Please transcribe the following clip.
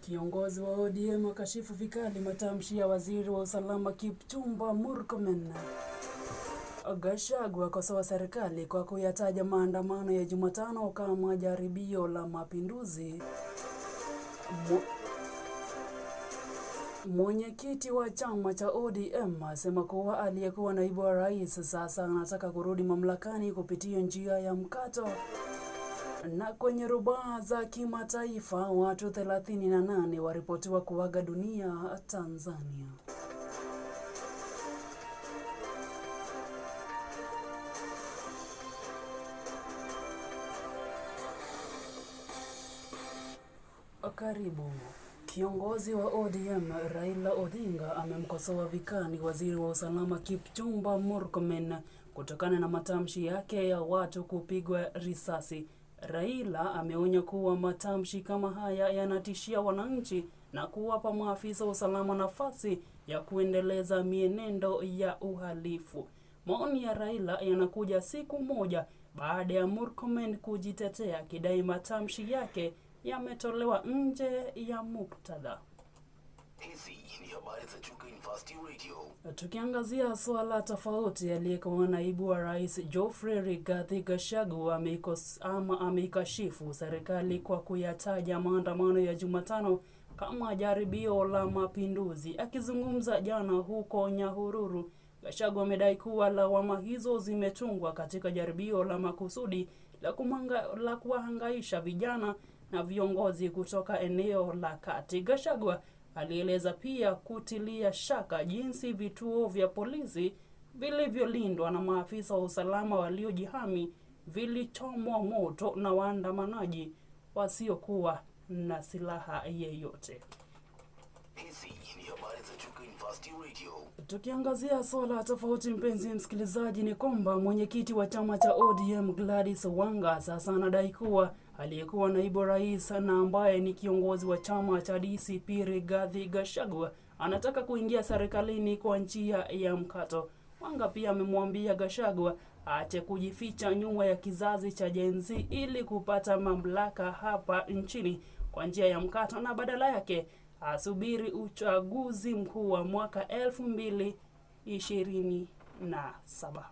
Kiongozi wa ODM akashifu vikali matamshi ya waziri wa usalama Kipchumba Murkomen. Gachagua akosoa serikali kwa kuyataja maandamano ya Jumatano kama jaribio la mapinduzi. Mwenyekiti wa chama cha ODM asema kuwa aliyekuwa naibu wa rais sasa anataka kurudi mamlakani kupitia njia ya mkato. Na kwenye rubaa za kimataifa watu 38 waripotiwa kuaga dunia Tanzania. Karibu. Kiongozi wa ODM Raila Odinga amemkosoa vikali waziri wa usalama Kipchumba Murkomen kutokana na matamshi yake ya watu kupigwa risasi Raila ameonya kuwa matamshi kama haya yanatishia wananchi na kuwapa maafisa wa usalama nafasi ya kuendeleza mienendo ya uhalifu. Maoni ya Raila yanakuja siku moja baada ya Murkomen kujitetea akidai matamshi yake yametolewa nje ya muktadha. Hizi ni habari za Chuka University Radio. Tukiangazia swala tofauti, aliyekuwa naibu wa rais Geoffrey Rigathi Gachagua ameikashifu serikali kwa kuyataja maandamano ya Jumatano kama jaribio la mapinduzi. Akizungumza jana huko Nyahururu, Gachagua amedai kuwa lawama hizo zimetungwa katika jaribio la makusudi la kumanga, la kuwahangaisha vijana na viongozi kutoka eneo la kati. Gachagua Alieleza pia kutilia shaka jinsi vituo vya polisi vilivyolindwa na maafisa wa usalama waliojihami vilichomwa moto na waandamanaji wasiokuwa na silaha yeyote. Tukiangazia swala tofauti, mpenzi msikilizaji, ni kwamba mwenyekiti wa chama cha ODM Gladys Wanga sasa anadai kuwa aliyekuwa naibu rais na ambaye ni kiongozi wa chama cha DCP rigadhi gashagwa anataka kuingia serikalini kwa njia ya mkato. Wanga pia amemwambia gashagwa ache kujificha nyuma ya kizazi cha jenzi ili kupata mamlaka hapa nchini kwa njia ya mkato na badala yake asubiri uchaguzi mkuu wa mwaka elfu mbili ishirini na saba.